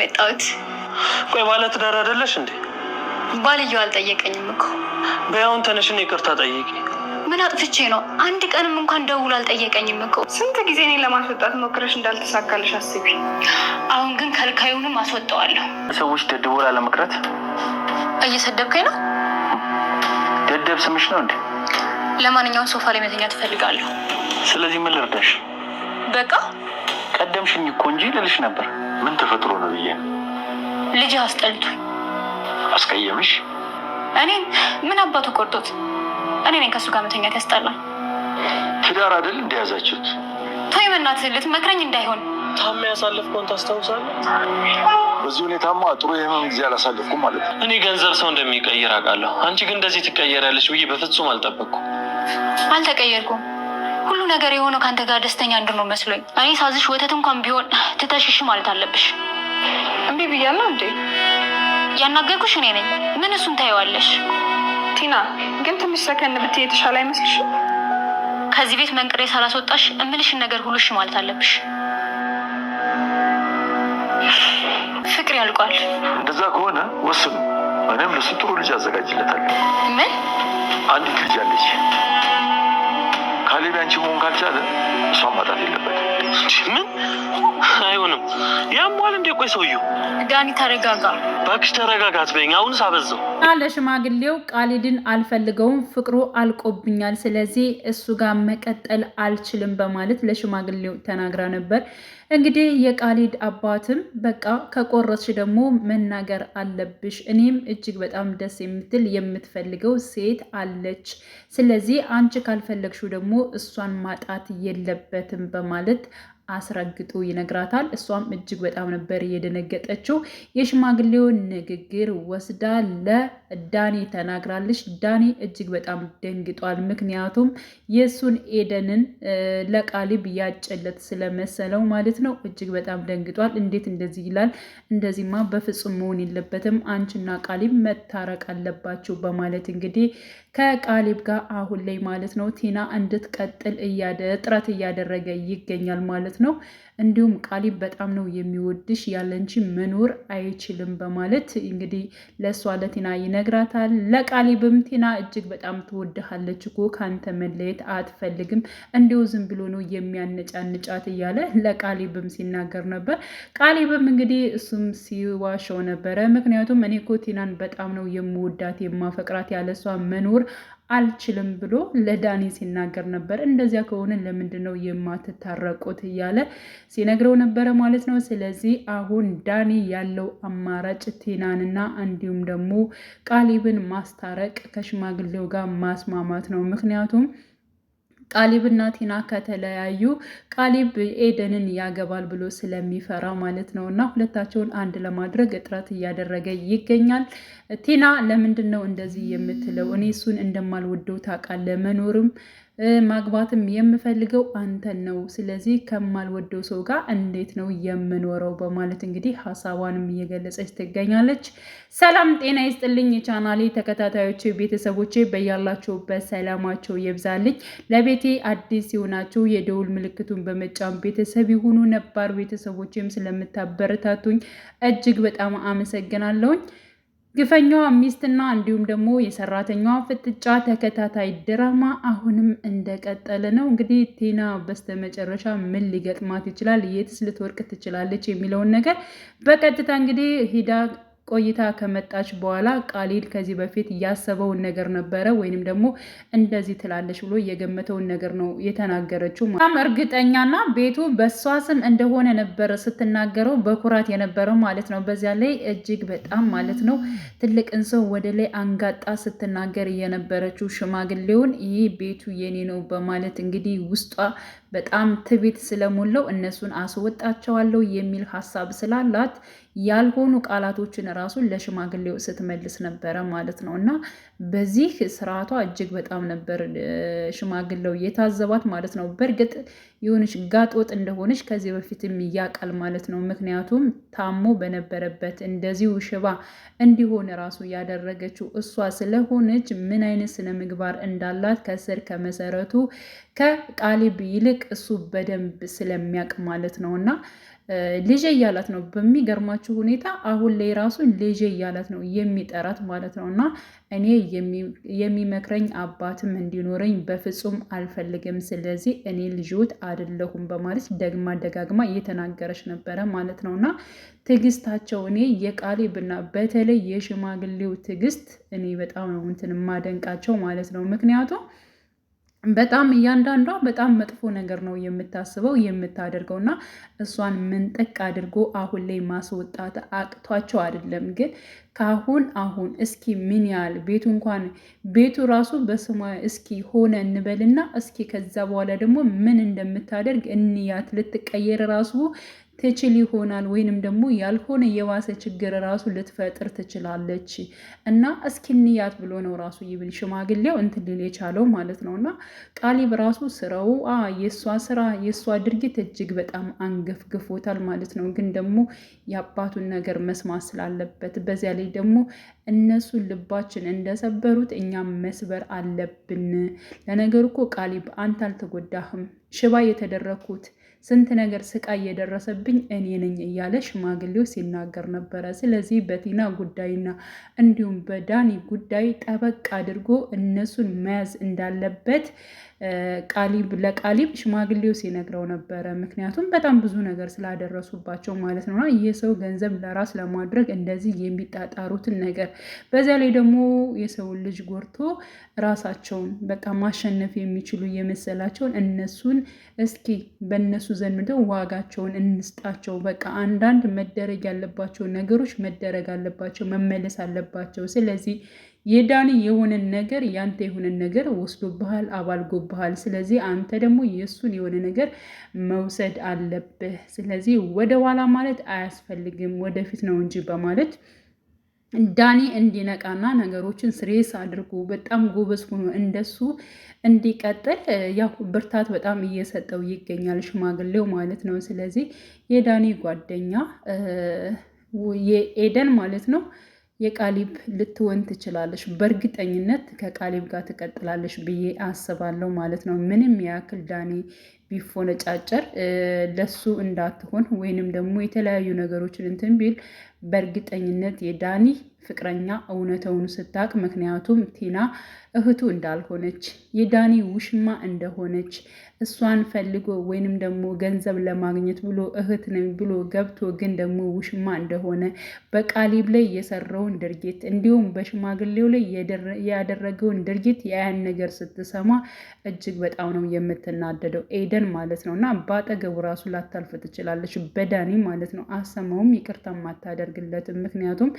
የመጣሁት። ቆይ ማለት ዳር አይደለሽ እንዴ? ባልየው አልጠየቀኝም እኮ። በያውን ተነሽን ይቅርታ ጠይቂ። ምን አጥፍቼ ነው? አንድ ቀንም እንኳን ደውሎ አልጠየቀኝም እኮ። ስንት ጊዜ እኔን ለማስወጣት ሞክረሽ እንዳልተሳካልሽ አስቢ። አሁን ግን ከልካዩንም አስወጣዋለሁ። ሰዎች ደድቦላ ለመቅረት እየሰደብከኝ ነው። ደደብ ስምሽ ነው እንዴ? ለማንኛውም ሶፋ ላይ መተኛ ትፈልጋለሁ። ስለዚህ ምን ልርዳሽ? በቃ ቀደምሽኝ እኮ እንጂ ልልሽ ነበር። ምን ተፈጥሮ ነው ብዬ ነው። ልጅ አስጠልቱ አስቀየምሽ? እኔን ምን አባቱ ቆርጦት፣ እኔ ነኝ ከእሱ ጋር መተኛት ያስጠላል። ትዳር አይደል እንደያዛችሁት? ተይ በእናትህ ልትመክረኝ እንዳይሆን። ታማ ያሳለፍከውን ታስታውሳለህ? በዚህ ሁኔታማ ጥሩ የህመም ጊዜ አላሳለፍኩም ማለት ነው። እኔ ገንዘብ ሰው እንደሚቀይር አውቃለሁ። አንቺ ግን እንደዚህ ትቀየሪያለሽ ብዬ በፍጹም አልጠበቅኩም። አልተቀየርኩም ሁሉ ነገር የሆነው ከአንተ ጋር ደስተኛ እንድኖር መስሎኝ። እኔ ሳዝሽ ወተት እንኳን ቢሆን ትተሽሽ ማለት አለብሽ። እምቢ ብያለሁ እንዴ? ያናገርኩሽ እኔ ነኝ። ምን እሱን ታየዋለሽ? ቲና ግን ትንሽ ሰከን ብትይ የተሻለ አይመስልሽም? ከዚህ ቤት መንቅሬ ሳላስወጣሽ እምልሽን ነገር ሁሉ እሺ ማለት አለብሽ። ፍቅር ያልቋል። እንደዛ ከሆነ ወስኑ። እኔም ለሱ ጥሩ ልጅ አዘጋጅለታል። ምን አንዲት ልጅ አለች። खालीब्यांची मोंगा चार सोमता दिलं पाहिजे ምን አይሆንም። ያሟል እንዴ? ቆይ ሰውዬው ዳኒ ተረጋጋ እባክሽ፣ ተረጋጋ አሁን አሁንስ እና ለሽማግሌው ቃሊድን አልፈልገውም፣ ፍቅሩ አልቆብኛል፣ ስለዚህ እሱ ጋር መቀጠል አልችልም በማለት ለሽማግሌው ተናግራ ነበር። እንግዲህ የቃሊድ አባትም በቃ ከቆረስሽ ደግሞ መናገር አለብሽ፣ እኔም እጅግ በጣም ደስ የምትል የምትፈልገው ሴት አለች፣ ስለዚህ አንቺ ካልፈለግሽው ደግሞ እሷን ማጣት የለበትም በማለት አስረግጦ ይነግራታል። እሷም እጅግ በጣም ነበር እየደነገጠችው የሽማግሌውን ንግግር ወስዳ ለዳኔ ተናግራለች። ዳኒ እጅግ በጣም ደንግጧል። ምክንያቱም የእሱን ኤደንን ለቃሊብ ያጨለት ስለመሰለው ማለት ነው። እጅግ በጣም ደንግጧል። እንዴት እንደዚህ ይላል? እንደዚህማ በፍጹም መሆን የለበትም። አንቺና ቃሊብ መታረቅ አለባቸው በማለት እንግዲህ ከቃሊብ ጋር አሁን ላይ ማለት ነው ቲና እንድትቀጥል ጥረት እያደረገ ይገኛል ማለት ነው። እንዲሁም ቃሊብ በጣም ነው የሚወድሽ ያለንቺ መኖር አይችልም በማለት እንግዲህ ለእሷ ለቲና ይነግራታል። ለቃሊብም ቲና እጅግ በጣም ትወድሃለች እኮ ከአንተ መለየት አትፈልግም፣ እንዲሁ ዝም ብሎ ነው የሚያነጫንጫት እያለ ለቃሊብም ሲናገር ነበር። ቃሊብም እንግዲህ እሱም ሲዋሸው ነበረ። ምክንያቱም እኔ እኮ ቲናን በጣም ነው የምወዳት የማፈቅራት ያለ እሷ መኖር አልችልም ብሎ ለዳኒ ሲናገር ነበር። እንደዚያ ከሆነ ለምንድን ነው የማትታረቁት እያለ ሲነግረው ነበረ ማለት ነው። ስለዚህ አሁን ዳኒ ያለው አማራጭ ቴናንና እንዲሁም ደግሞ ቃሊብን ማስታረቅ ከሽማግሌው ጋር ማስማማት ነው። ምክንያቱም ቃሊብና ቲና ከተለያዩ ቃሊብ ኤደንን ያገባል ብሎ ስለሚፈራ ማለት ነው እና ሁለታቸውን አንድ ለማድረግ እጥረት እያደረገ ይገኛል። ቲና ለምንድን ነው እንደዚህ የምትለው? እኔ እሱን እንደማልወደው ታውቃለህ መኖርም ማግባትም የምፈልገው አንተን ነው። ስለዚህ ከማልወደው ሰው ጋር እንዴት ነው የምኖረው? በማለት እንግዲህ ሀሳቧንም እየገለጸች ትገኛለች። ሰላም ጤና ይስጥልኝ የቻናሌ ተከታታዮች ቤተሰቦቼ፣ በያላችሁበት ሰላማቸው ይብዛልኝ። ለቤቴ አዲስ የሆናችሁ የደውል ምልክቱን በመጫን ቤተሰብ የሆኑ ነባር ቤተሰቦችም ስለምታበረታቱኝ እጅግ በጣም አመሰግናለሁኝ። ግፈኛዋ ሚስትና እንዲሁም ደግሞ የሰራተኛዋ ፍጥጫ ተከታታይ ድራማ አሁንም እንደቀጠለ ነው። እንግዲህ ቴና በስተመጨረሻ ምን ሊገጥማት ይችላል፣ የትስ ልትወርቅ ትችላለች የሚለውን ነገር በቀጥታ እንግዲህ ሂዳ ቆይታ ከመጣች በኋላ ቃሊል ከዚህ በፊት ያሰበውን ነገር ነበረ ወይንም ደግሞ እንደዚህ ትላለች ብሎ የገመተውን ነገር ነው የተናገረችው። በጣም እርግጠኛና ቤቱ በእሷ ስም እንደሆነ ነበረ ስትናገረው በኩራት የነበረው ማለት ነው። በዚያ ላይ እጅግ በጣም ማለት ነው ትልቅን ሰው ወደ ላይ አንጋጣ ስትናገር የነበረችው ሽማግሌውን ይህ ቤቱ የኔ ነው በማለት እንግዲህ ውስጧ በጣም ትቢት ስለሞላው እነሱን አስወጣቸዋለሁ የሚል ሀሳብ ስላላት ያልሆኑ ቃላቶችን ራሱን ለሽማግሌው ስትመልስ ነበረ ማለት ነው። እና በዚህ ስርዓቷ እጅግ በጣም ነበር ሽማግሌው የታዘባት ማለት ነው። በእርግጥ የሆነች ጋጦጥ እንደሆነች ከዚህ በፊትም እያቃል ማለት ነው። ምክንያቱም ታሞ በነበረበት እንደዚሁ ሽባ እንዲሆን ራሱ ያደረገችው እሷ ስለሆነች ምን አይነት ስነ ምግባር እንዳላት ከስር ከመሰረቱ ከቃሊብ ይልቅ እሱ በደንብ ስለሚያውቅ ማለት ነው እና ልጄ እያላት ነው። በሚገርማችሁ ሁኔታ አሁን ላይ ራሱ ልጄ እያላት ነው የሚጠራት ማለት ነው። እና እኔ የሚመክረኝ አባትም እንዲኖረኝ በፍጹም አልፈልግም። ስለዚህ እኔ ልጆት አይደለሁም በማለት ደግማ ደጋግማ እየተናገረች ነበረ ማለት ነው። እና ትዕግስታቸው እኔ የቃሌብና በተለይ የሽማግሌው ትዕግስት እኔ በጣም ነው እንትን የማደንቃቸው ማለት ነው ምክንያቱም በጣም እያንዳንዷ በጣም መጥፎ ነገር ነው የምታስበው የምታደርገው፣ እና እሷን ምንጠቅ አድርጎ አሁን ላይ ማስወጣት አቅቷቸው አይደለም ግን ካሁን አሁን እስኪ ምን ያህል ቤቱ እንኳን ቤቱ ራሱ በስሟ እስኪ ሆነ እንበልና እስኪ ከዛ በኋላ ደግሞ ምን እንደምታደርግ እንያት። ልትቀየር ራሱ ትችል ይሆናል ወይንም ደግሞ ያልሆነ የባሰ ችግር ራሱ ልትፈጥር ትችላለች እና እስኪንያት ብሎ ነው ራሱ ይብል ሽማግሌው እንትን ሊል የቻለው ማለት ነው። እና ቃሊብ ራሱ ስራው የእሷ ስራ የእሷ ድርጊት እጅግ በጣም አንገፍግፎታል ማለት ነው። ግን ደግሞ የአባቱን ነገር መስማት ስላለበት በዚያ ላይ ደግሞ እነሱ ልባችን እንደሰበሩት እኛም መስበር አለብን። ለነገሩ እኮ ቃሊብ አንተ አልተጎዳህም ሽባ የተደረግኩት ስንት ነገር ስቃይ የደረሰብኝ እኔ ነኝ እያለ ሽማግሌው ሲናገር ነበረ። ስለዚህ በቲና ጉዳይና እንዲሁም በዳኒ ጉዳይ ጠበቅ አድርጎ እነሱን መያዝ እንዳለበት ቃሊብ ለቃሊብ ሽማግሌው ሲነግረው ነበረ። ምክንያቱም በጣም ብዙ ነገር ስላደረሱባቸው ማለት ይህ የሰው ገንዘብ ለራስ ለማድረግ እንደዚህ የሚጣጣሩትን ነገር በዚያ ላይ ደግሞ የሰውን ልጅ ጎርቶ ራሳቸውን በቃ ማሸነፍ የሚችሉ የመሰላቸውን እነሱን እስኪ በነሱ ዘንድ ዋጋቸውን እንስጣቸው። በቃ አንዳንድ መደረግ ያለባቸው ነገሮች መደረግ አለባቸው፣ መመለስ አለባቸው። ስለዚህ የዳኒ የሆነን ነገር ያንተ የሆነን ነገር ወስዶብሃል፣ አባልጎብሃል። ስለዚህ አንተ ደግሞ የእሱን የሆነ ነገር መውሰድ አለብህ። ስለዚህ ወደ ኋላ ማለት አያስፈልግም፣ ወደፊት ነው እንጂ በማለት ዳኒ እንዲነቃና ነገሮችን ስሬስ አድርጉ በጣም ጎበዝ ሆኖ እንደሱ እንዲቀጥል ያው ብርታት በጣም እየሰጠው ይገኛል ሽማግሌው ማለት ነው። ስለዚህ የዳኒ ጓደኛ የኤደን ማለት ነው የቃሊብ ልትወን ትችላለች። በእርግጠኝነት ከቃሊብ ጋር ትቀጥላለች ብዬ አስባለሁ ማለት ነው። ምንም ያክል ዳኒ ቢፎነጫጨር ለሱ እንዳትሆን ወይንም ደግሞ የተለያዩ ነገሮችን እንትን ቢል በእርግጠኝነት የዳኒ ፍቅረኛ እውነተውን ስታቅ ምክንያቱም ቲና እህቱ እንዳልሆነች የዳኒ ውሽማ እንደሆነች እሷን ፈልጎ ወይንም ደግሞ ገንዘብ ለማግኘት ብሎ እህት ነኝ ብሎ ገብቶ ግን ደግሞ ውሽማ እንደሆነ በቃሊብ ላይ የሰራውን ድርጊት እንዲሁም በሽማግሌው ላይ ያደረገውን ድርጊት የያን ነገር ስትሰማ እጅግ በጣም ነው የምትናደደው ኤደን ማለት ነው። እና በአጠገቡ ራሱ ላታልፍ ትችላለች፣ በዳኒ ማለት ነው። አሰማውም ይቅርታ ማታደርግለት ምክንያቱም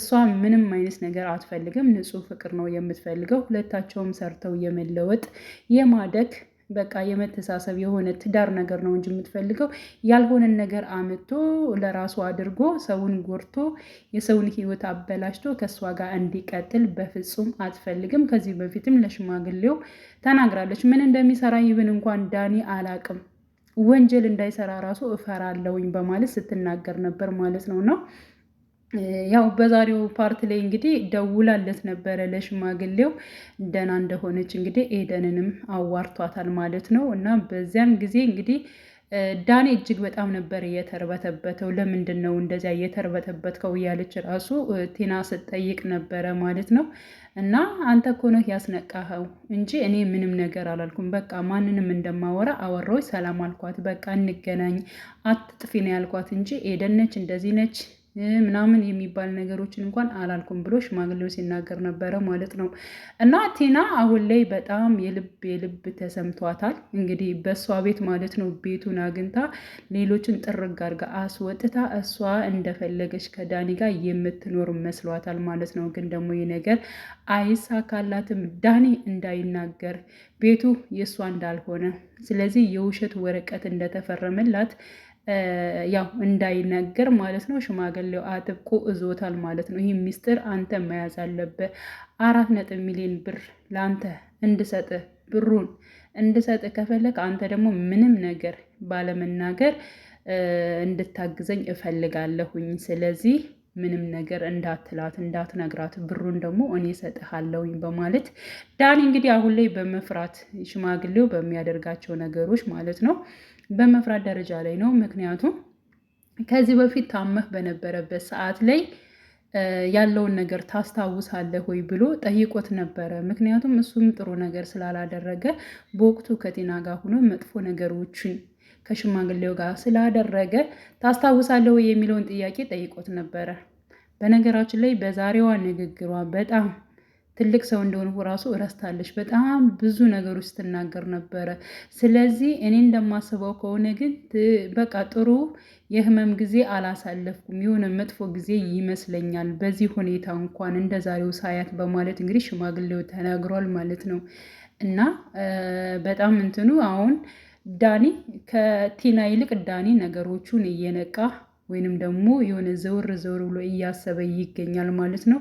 እሷ ምንም አይነት ነገር አትፈልግም፣ ንጹህ ፍቅር ነው የምትፈልገው። ሁለታቸውም ሰርተው የመለወጥ የማደግ በቃ የመተሳሰብ የሆነ ትዳር ነገር ነው እንጂ የምትፈልገው ያልሆነን ነገር አምቶ ለራሱ አድርጎ ሰውን ጎርቶ የሰውን ሕይወት አበላሽቶ ከእሷ ጋር እንዲቀጥል በፍጹም አትፈልግም። ከዚህ በፊትም ለሽማግሌው ተናግራለች። ምን እንደሚሰራ ይብን እንኳን ዳኒ አላቅም፣ ወንጀል እንዳይሰራ ራሱ እፈራለውኝ በማለት ስትናገር ነበር ማለት ነው ነው ያው በዛሬው ፓርት ላይ እንግዲህ ደውላለት ነበረ ለሽማግሌው ደህና እንደሆነች እንግዲህ ኤደንንም አዋርቷታል ማለት ነው። እና በዚያን ጊዜ እንግዲህ ዳኔ እጅግ በጣም ነበር እየተርበተበተው። ለምንድን ነው እንደዚያ እየተርበተበትከው? እያለች ራሱ ቲና ስትጠይቅ ነበረ ማለት ነው። እና አንተ እኮ ነህ ያስነቃኸው እንጂ እኔ ምንም ነገር አላልኩም። በቃ ማንንም እንደማወራ አወራሁኝ፣ ሰላም አልኳት። በቃ እንገናኝ፣ አትጥፊ ነው ያልኳት እንጂ ኤደን ነች እንደዚህ ነች ምናምን የሚባል ነገሮችን እንኳን አላልኩም ብሎ ሽማግሌው ሲናገር ነበረ ማለት ነው። እና ቲና አሁን ላይ በጣም የልብ የልብ ተሰምቷታል። እንግዲህ በእሷ ቤት ማለት ነው ቤቱን አግኝታ ሌሎችን ጥርግ አድርጋ አስወጥታ እሷ እንደፈለገች ከዳኒ ጋር የምትኖር መስሏታል ማለት ነው። ግን ደግሞ ይህ ነገር አይሳካላትም። ዳኒ እንዳይናገር ቤቱ የእሷ እንዳልሆነ ስለዚህ የውሸት ወረቀት እንደተፈረመላት ያው እንዳይነገር ማለት ነው። ሽማግሌው አጥብቆ እዞታል ማለት ነው። ይህ ሚስጥር አንተ መያዝ አለብህ። አራት ነጥብ ሚሊዮን ብር ለአንተ እንድሰጥህ ብሩን እንድሰጥህ ከፈለግ አንተ ደግሞ ምንም ነገር ባለመናገር እንድታግዘኝ እፈልጋለሁኝ። ስለዚህ ምንም ነገር እንዳትላት እንዳትነግራት፣ ብሩን ደግሞ እኔ እሰጥሃለሁኝ በማለት ዳኒ እንግዲህ አሁን ላይ በመፍራት ሽማግሌው በሚያደርጋቸው ነገሮች ማለት ነው በመፍራት ደረጃ ላይ ነው። ምክንያቱም ከዚህ በፊት ታመህ በነበረበት ሰዓት ላይ ያለውን ነገር ታስታውሳለህ ወይ ብሎ ጠይቆት ነበረ። ምክንያቱም እሱም ጥሩ ነገር ስላላደረገ በወቅቱ ከቴና ጋር ሆኖ መጥፎ ነገሮችን ከሽማግሌው ጋር ስላደረገ ታስታውሳለህ ወይ የሚለውን ጥያቄ ጠይቆት ነበረ። በነገራችን ላይ በዛሬዋ ንግግሯ በጣም ትልቅ ሰው እንደሆንኩ ራሱ እረስታለች። በጣም ብዙ ነገሮች ስትናገር ነበረ። ስለዚህ እኔ እንደማስበው ከሆነ ግን በቃ ጥሩ የህመም ጊዜ አላሳለፍኩም፣ የሆነ መጥፎ ጊዜ ይመስለኛል፣ በዚህ ሁኔታ እንኳን እንደ ዛሬው ሳያት በማለት እንግዲህ ሽማግሌው ተናግሯል ማለት ነው እና በጣም እንትኑ አሁን ዳኒ ከቲና ይልቅ ዳኒ ነገሮቹን እየነቃ ወይንም ደግሞ የሆነ ዘውር ዘውር ብሎ እያሰበ ይገኛል ማለት ነው።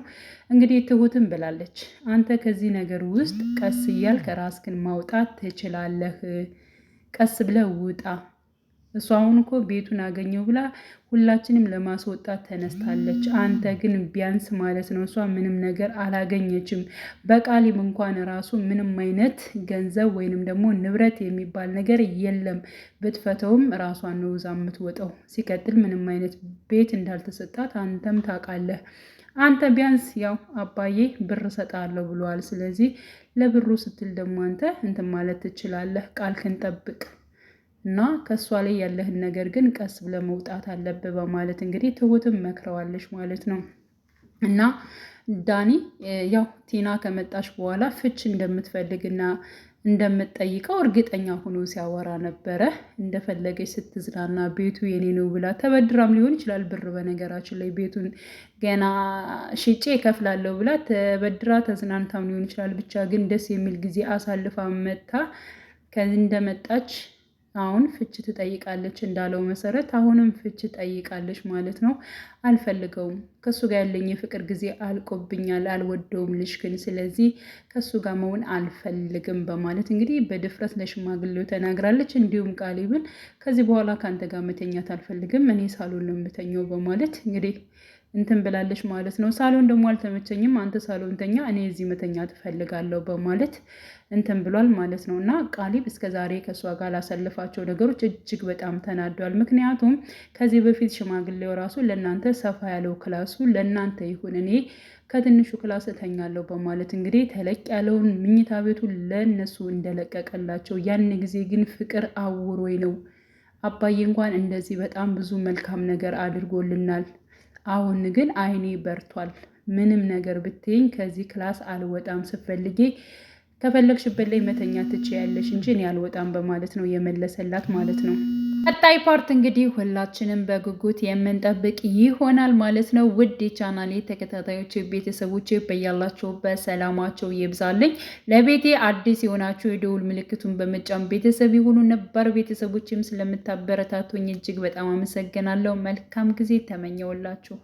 እንግዲህ ትሁትም ብላለች፣ አንተ ከዚህ ነገር ውስጥ ቀስ እያልክ ራስክን ማውጣት ትችላለህ፣ ቀስ ብለህ ውጣ እሷ አሁን እኮ ቤቱን አገኘው ብላ ሁላችንም ለማስወጣት ተነስታለች። አንተ ግን ቢያንስ ማለት ነው እሷ ምንም ነገር አላገኘችም። በቃሊም እንኳን ራሱ ምንም አይነት ገንዘብ ወይንም ደግሞ ንብረት የሚባል ነገር የለም። ብትፈተውም ራሷን ነው እዛ የምትወጣው። ሲቀጥል ምንም አይነት ቤት እንዳልተሰጣት አንተም ታውቃለህ። አንተ ቢያንስ ያው አባዬ ብር እሰጣለሁ ብለዋል። ስለዚህ ለብሩ ስትል ደግሞ አንተ እንትን ማለት ትችላለህ። ቃልህን ጠብቅ። እና ከእሷ ላይ ያለህን ነገር ግን ቀስ ብለህ መውጣት አለብህ በማለት እንግዲህ ትሁትም መክረዋለች ማለት ነው እና ዳኒ ያው ቲና ከመጣች በኋላ ፍች እንደምትፈልግና እንደምትጠይቀው እርግጠኛ ሆኖ ሲያወራ ነበረ። እንደፈለገች ስትዝናና ቤቱ የኔ ነው ብላ ተበድራም ሊሆን ይችላል ብር። በነገራችን ላይ ቤቱን ገና ሽጬ እከፍላለሁ ብላ ተበድራ ተዝናንታም ሊሆን ይችላል። ብቻ ግን ደስ የሚል ጊዜ አሳልፋ መታ ከዚህ እንደመጣች አሁን ፍች ትጠይቃለች እንዳለው መሰረት አሁንም ፍች ጠይቃለች ማለት ነው። አልፈልገውም፣ ከሱ ጋር ያለኝ የፍቅር ጊዜ አልቆብኛል፣ አልወደውም ግን ስለዚህ ከሱ ጋር መሆን አልፈልግም በማለት እንግዲህ በድፍረት ለሽማግሌው ተናግራለች። እንዲሁም ቃሊብን ከዚህ በኋላ ከአንተ ጋር መተኛት አልፈልግም፣ እኔ ሳሎን ነው የምተኘው በማለት እንግዲህ እንትን ብላለች ማለት ነው። ሳሎን ደግሞ አልተመቸኝም፣ አንተ ሳሎን ተኛ፣ እኔ እዚህ መተኛ ትፈልጋለሁ በማለት እንትን ብሏል ማለት ነው። እና ቃሊብ እስከ ዛሬ ከእሷ ጋር ላሳልፋቸው ነገሮች እጅግ በጣም ተናዷል። ምክንያቱም ከዚህ በፊት ሽማግሌው ራሱ ለእናንተ ሰፋ ያለው ክላሱ ለእናንተ ይሁን እኔ ከትንሹ ክላስ እተኛለሁ በማለት እንግዲህ ተለቅ ያለውን ምኝታ ቤቱ ለእነሱ እንደለቀቀላቸው ያን ጊዜ ግን ፍቅር አውሮኝ ነው አባዬ እንኳን እንደዚህ በጣም ብዙ መልካም ነገር አድርጎልናል አሁን ግን አይኔ በርቷል። ምንም ነገር ብትይኝ ከዚህ ክላስ አልወጣም። ስፈልጌ ከፈለግሽበት ላይ መተኛ ትችያለሽ እንጂ እኔ አልወጣም በማለት ነው የመለሰላት ማለት ነው። ቀጣይ ፓርት እንግዲህ ሁላችንም በጉጉት የምንጠብቅ ይሆናል ማለት ነው። ውድ የቻናሌ ተከታታዮች ቤተሰቦች በያላቸው በሰላማቸው ይብዛልኝ። ለቤቴ አዲስ የሆናችሁ የደውል ምልክቱን በመጫን ቤተሰብ የሆኑ ነባር ቤተሰቦችም ስለምታበረታቱኝ እጅግ በጣም አመሰግናለሁ። መልካም ጊዜ ተመኘውላችሁ።